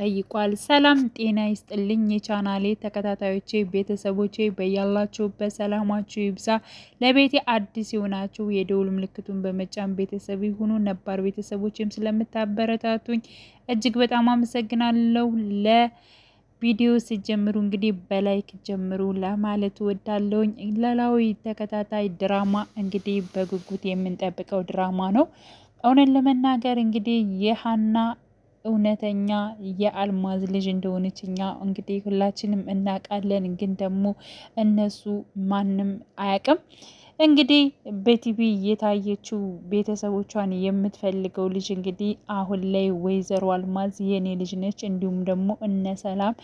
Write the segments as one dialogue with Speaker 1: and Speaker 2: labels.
Speaker 1: ጠይቋል። ሰላም ጤና ይስጥልኝ የቻናሌ ተከታታዮቼ ቤተሰቦቼ በያላችሁበት ሰላማችሁ ይብዛ። ለቤቴ አዲስ የሆናችሁ የደውል ምልክቱን በመጫን ቤተሰብ ይሁኑ። ነባር ቤተሰቦችም ስለምታበረታቱኝ እጅግ በጣም አመሰግናለሁ። ለቪዲዮ ሲጀምሩ እንግዲህ በላይክ ጀምሩ ለማለት ወዳለውኝ። ኖላዊ ተከታታይ ድራማ እንግዲህ በጉጉት የምንጠብቀው ድራማ ነው። እውነት ለመናገር እንግዲህ የሀና እውነተኛ የአልማዝ ልጅ እንደሆነች እኛ እንግዲህ ሁላችንም እናውቃለን። ግን ደግሞ እነሱ ማንም አያውቅም። እንግዲህ በቲቪ የታየችው ቤተሰቦቿን የምትፈልገው ልጅ እንግዲህ አሁን ላይ ወይዘሮ አልማዝ የኔ ልጅ ነች፣ እንዲሁም ደግሞ እነ ሰላም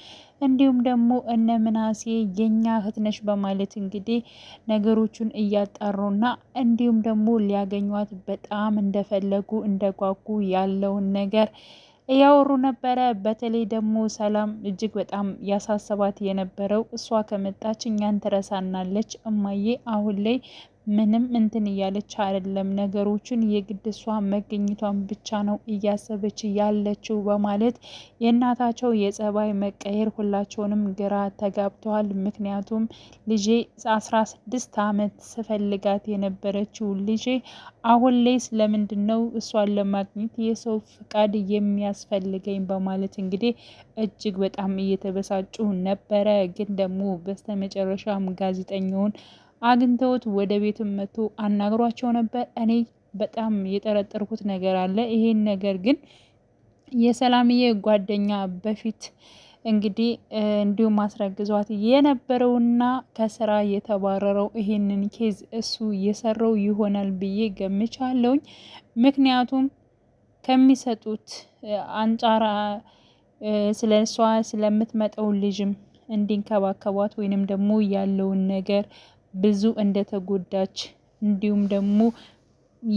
Speaker 1: እንዲሁም ደግሞ እነ ምናሴ የኛ እህት ነች በማለት እንግዲህ ነገሮቹን እያጣሩና እንዲሁም ደግሞ ሊያገኟት በጣም እንደፈለጉ እንደጓጉ ያለውን ነገር እያወሩ ነበረ። በተለይ ደግሞ ሰላም እጅግ በጣም ያሳሰባት የነበረው እሷ ከመጣች እኛን ትረሳናለች እማዬ አሁን ላይ ምንም እንትን እያለች አይደለም፣ ነገሮችን የግድ እሷ መገኘቷን ብቻ ነው እያሰበች ያለችው በማለት የእናታቸው የጸባይ መቀየር ሁላቸውንም ግራ ተጋብተዋል። ምክንያቱም ልጄ አስራ ስድስት አመት ስፈልጋት የነበረችው ልጄ አሁን ላይ ስለምንድን ነው እሷን ለማግኘት የሰው ፍቃድ የሚያስፈልገኝ? በማለት እንግዲህ እጅግ በጣም እየተበሳጩ ነበረ። ግን ደግሞ በስተመጨረሻም ጋዜጠኛውን አግኝተውት ወደ ቤትም መጥቶ አናግሯቸው ነበር። እኔ በጣም የጠረጠርኩት ነገር አለ። ይሄን ነገር ግን የሰላምዬ ጓደኛ በፊት እንግዲህ እንዲሁም ማስረግዟት የነበረውና ከስራ የተባረረው ይሄንን ኬዝ እሱ የሰራው ይሆናል ብዬ ገምቻለሁኝ። ምክንያቱም ከሚሰጡት አንጻራ ስለ እሷ ስለምትመጣው ልጅም እንዲንከባከቧት ወይንም ደግሞ ያለውን ነገር ብዙ እንደተጎዳች እንዲሁም ደግሞ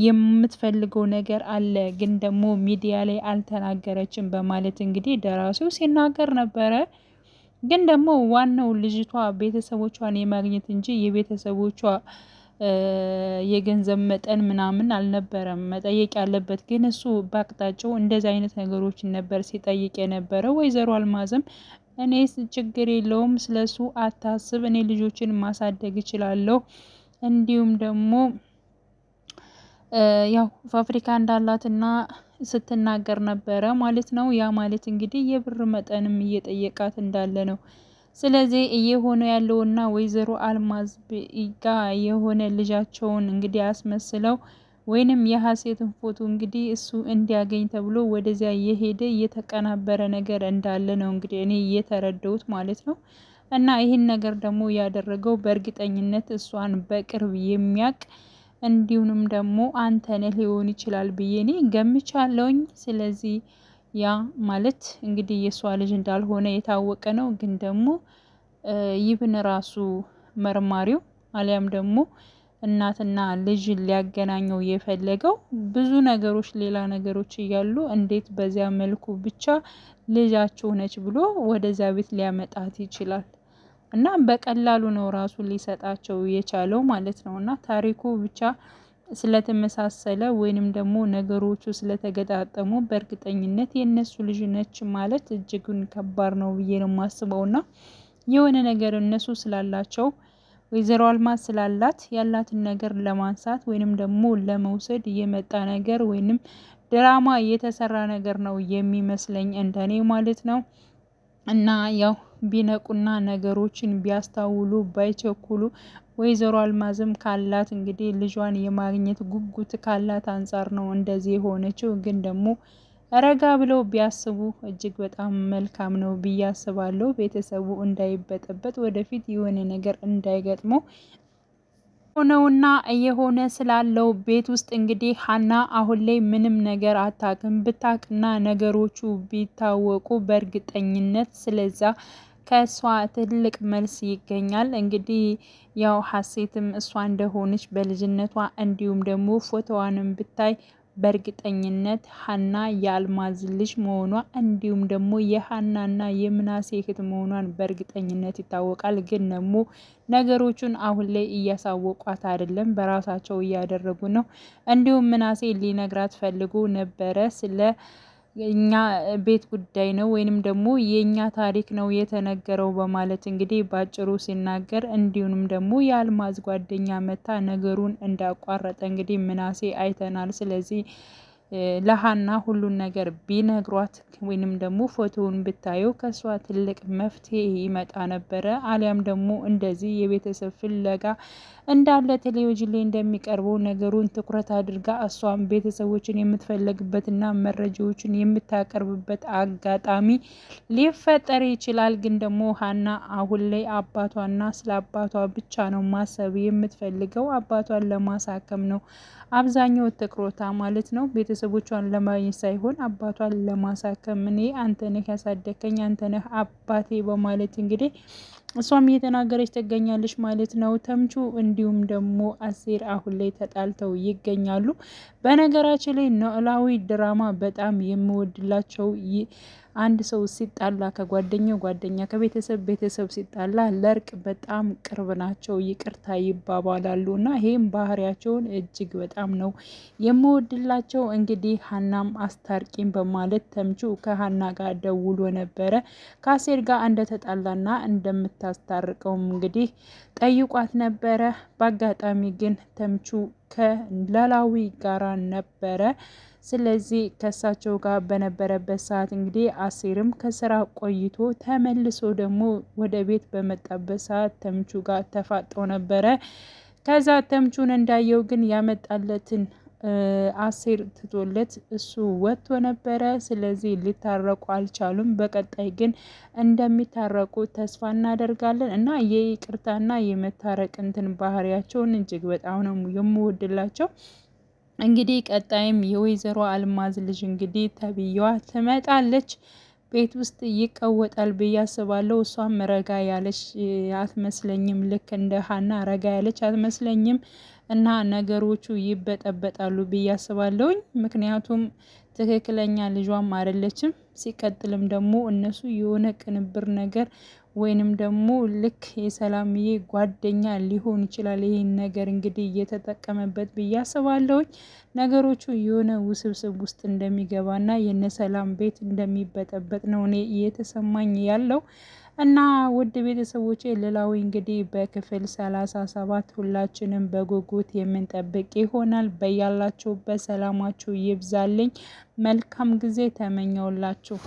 Speaker 1: የምትፈልገው ነገር አለ ግን ደግሞ ሚዲያ ላይ አልተናገረችም በማለት እንግዲህ ደራሲው ሲናገር ነበረ። ግን ደግሞ ዋናው ልጅቷ ቤተሰቦቿን የማግኘት እንጂ የቤተሰቦቿ የገንዘብ መጠን ምናምን አልነበረም መጠየቅ ያለበት። ግን እሱ በአቅጣጫው እንደዚህ አይነት ነገሮችን ነበር ሲጠይቅ የነበረው። ወይዘሮ አልማዝም እኔስ ችግር የለውም ስለሱ አታስብ፣ እኔ ልጆችን ማሳደግ እችላለሁ። እንዲሁም ደግሞ ያው ፋብሪካ እንዳላትና ስትናገር ነበረ ማለት ነው። ያ ማለት እንግዲህ የብር መጠንም እየጠየቃት እንዳለ ነው። ስለዚህ እየሆነ ያለውና ወይዘሮ አልማዝ ጋ የሆነ ልጃቸውን እንግዲህ አስመስለው ወይንም የሀሴትን ፎቶ እንግዲህ እሱ እንዲያገኝ ተብሎ ወደዚያ የሄደ የተቀናበረ ነገር እንዳለ ነው እንግዲህ እኔ እየተረዳሁት ማለት ነው። እና ይህን ነገር ደግሞ ያደረገው በእርግጠኝነት እሷን በቅርብ የሚያቅ እንዲሁም ደግሞ አንተነህ ሊሆን ይችላል ብዬ እኔ ገምቻለሁኝ። ስለዚህ ያ ማለት እንግዲህ የእሷ ልጅ እንዳልሆነ የታወቀ ነው። ግን ደግሞ ይብን ራሱ መርማሪው አሊያም ደግሞ እናትና ልጅ ሊያገናኘው የፈለገው ብዙ ነገሮች፣ ሌላ ነገሮች እያሉ እንዴት በዚያ መልኩ ብቻ ልጃቸው ነች ብሎ ወደዚያ ቤት ሊያመጣት ይችላል? እና በቀላሉ ነው ራሱ ሊሰጣቸው የቻለው ማለት ነው። እና ታሪኩ ብቻ ስለተመሳሰለ ወይንም ደግሞ ነገሮቹ ስለተገጣጠሙ በእርግጠኝነት የእነሱ ልጅ ነች ማለት እጅጉን ከባድ ነው ብዬ ነው የማስበው። እና የሆነ ነገር እነሱ ስላላቸው ወይዘሮ አልማዝ ስላላት ያላትን ነገር ለማንሳት ወይንም ደግሞ ለመውሰድ የመጣ ነገር ወይንም ድራማ የተሰራ ነገር ነው የሚመስለኝ እንደኔ ማለት ነው። እና ያው ቢነቁና ነገሮችን ቢያስታውሉ ባይቸኩሉ ወይዘሮ አልማዝም ካላት እንግዲህ ልጇን የማግኘት ጉጉት ካላት አንጻር ነው እንደዚህ የሆነችው ግን ደግሞ ረጋ ብለው ቢያስቡ እጅግ በጣም መልካም ነው ብዬ አስባለሁ። ቤተሰቡ እንዳይበጠበጥ ወደፊት የሆነ ነገር እንዳይገጥመው ሆነውና እየሆነ ስላለው ቤት ውስጥ እንግዲህ ሀና አሁን ላይ ምንም ነገር አታውቅም። ብታውቅና ነገሮቹ ቢታወቁ በእርግጠኝነት ስለዛ ከእሷ ትልቅ መልስ ይገኛል። እንግዲህ ያው ሀሴትም እሷ እንደሆነች በልጅነቷ እንዲሁም ደግሞ ፎቶዋንም ብታይ በእርግጠኝነት ሀና የአልማዝ ልጅ መሆኗ እንዲሁም ደግሞ የሀናና የምናሴ እህት መሆኗን በእርግጠኝነት ይታወቃል። ግን ደግሞ ነገሮቹን አሁን ላይ እያሳወቋት አይደለም፣ በራሳቸው እያደረጉ ነው። እንዲሁም ምናሴ ሊነግራት ፈልጎ ነበረ ስለ የእኛ ቤት ጉዳይ ነው ወይንም ደግሞ የእኛ ታሪክ ነው የተነገረው በማለት እንግዲህ ባጭሩ ሲናገር፣ እንዲሁም ደግሞ የአልማዝ ጓደኛ መታ ነገሩን እንዳቋረጠ እንግዲህ ምናሴ አይተናል። ስለዚህ ለሀና ሁሉን ነገር ቢነግሯት ወይንም ደግሞ ፎቶውን ብታየው ከእሷ ትልቅ መፍትሄ ይመጣ ነበረ። አሊያም ደግሞ እንደዚህ የቤተሰብ ፍለጋ እንዳለ ቴሌቪዥን ላይ እንደሚቀርበው ነገሩን ትኩረት አድርጋ እሷም ቤተሰቦችን የምትፈለግበትና መረጃዎችን የምታቀርብበት አጋጣሚ ሊፈጠር ይችላል። ግን ደግሞ ሀና አሁን ላይ አባቷና ስለ አባቷ ብቻ ነው ማሰብ የምትፈልገው። አባቷን ለማሳከም ነው አብዛኛው ትኩረቷ ማለት ነው። ቤተሰቦቿን ለማግኘት ሳይሆን አባቷን ለማሳከም እኔ አንተ ነህ ያሳደከኝ አንተ ነህ አባቴ በማለት እንግዲህ እሷም እየተናገረች ትገኛለች ማለት ነው። ተምቹ እንዲሁም ደግሞ አሴር አሁን ላይ ተጣልተው ይገኛሉ። በነገራችን ላይ ኖላዊ ድራማ በጣም የምወድላቸው አንድ ሰው ሲጣላ ከጓደኛው ጓደኛ፣ ከቤተሰብ ቤተሰብ ሲጣላ ለእርቅ በጣም ቅርብ ናቸው፣ ይቅርታ ይባባላሉ እና ይህም ባህሪያቸውን እጅግ በጣም ነው የምወድላቸው። እንግዲህ ሀናም አስታርቂም በማለት ተምቹ ከሀና ጋር ደውሎ ነበረ ከአሴር ጋር እንደተጣላና እንደምታስታርቀውም እንግዲህ ጠይቋት ነበረ። በአጋጣሚ ግን ተምቹ ከኖላዊ ጋራ ነበረ ስለዚህ ከእሳቸው ጋር በነበረበት ሰዓት እንግዲህ አሴርም ከስራ ቆይቶ ተመልሶ ደግሞ ወደ ቤት በመጣበት ሰዓት ተምቹ ጋር ተፋጠው ነበረ። ከዛ ተምቹን እንዳየው ግን ያመጣለትን አሴር ትቶለት እሱ ወጥቶ ነበረ። ስለዚህ ሊታረቁ አልቻሉም። በቀጣይ ግን እንደሚታረቁ ተስፋ እናደርጋለን እና የይቅርታና የመታረቅ እንትን ባህሪያቸውን እጅግ በጣም ነው የምወድላቸው። እንግዲህ ቀጣይም የወይዘሮ አልማዝ ልጅ እንግዲህ ተብዬዋ ትመጣለች። ቤት ውስጥ ይቀወጣል ብዬ አስባለሁ። እሷም ረጋ ያለች አትመስለኝም። ልክ እንደ ሀና ረጋ ያለች አትመስለኝም። እና ነገሮቹ ይበጠበጣሉ ብዬ አስባለሁኝ። ምክንያቱም ትክክለኛ ልጇም አይደለችም። ሲቀጥልም ደግሞ እነሱ የሆነ ቅንብር ነገር ወይንም ደግሞ ልክ የሰላምዬ ጓደኛ ሊሆን ይችላል ይሄን ነገር እንግዲህ እየተጠቀመበት ብዬ አስባለሁኝ። ነገሮቹ የሆነ ውስብስብ ውስጥ እንደሚገባና የነሰላም ቤት እንደሚበጠበጥ ነው እኔ እየተሰማኝ ያለው። እና ውድ ቤተሰቦች ኖላዊ እንግዲህ በክፍል ሰላሳ ሰባት ሁላችንም በጉጉት የምንጠብቅ ይሆናል። በያላችሁበት ሰላማችሁ ይብዛልኝ። መልካም ጊዜ ተመኘውላችሁ።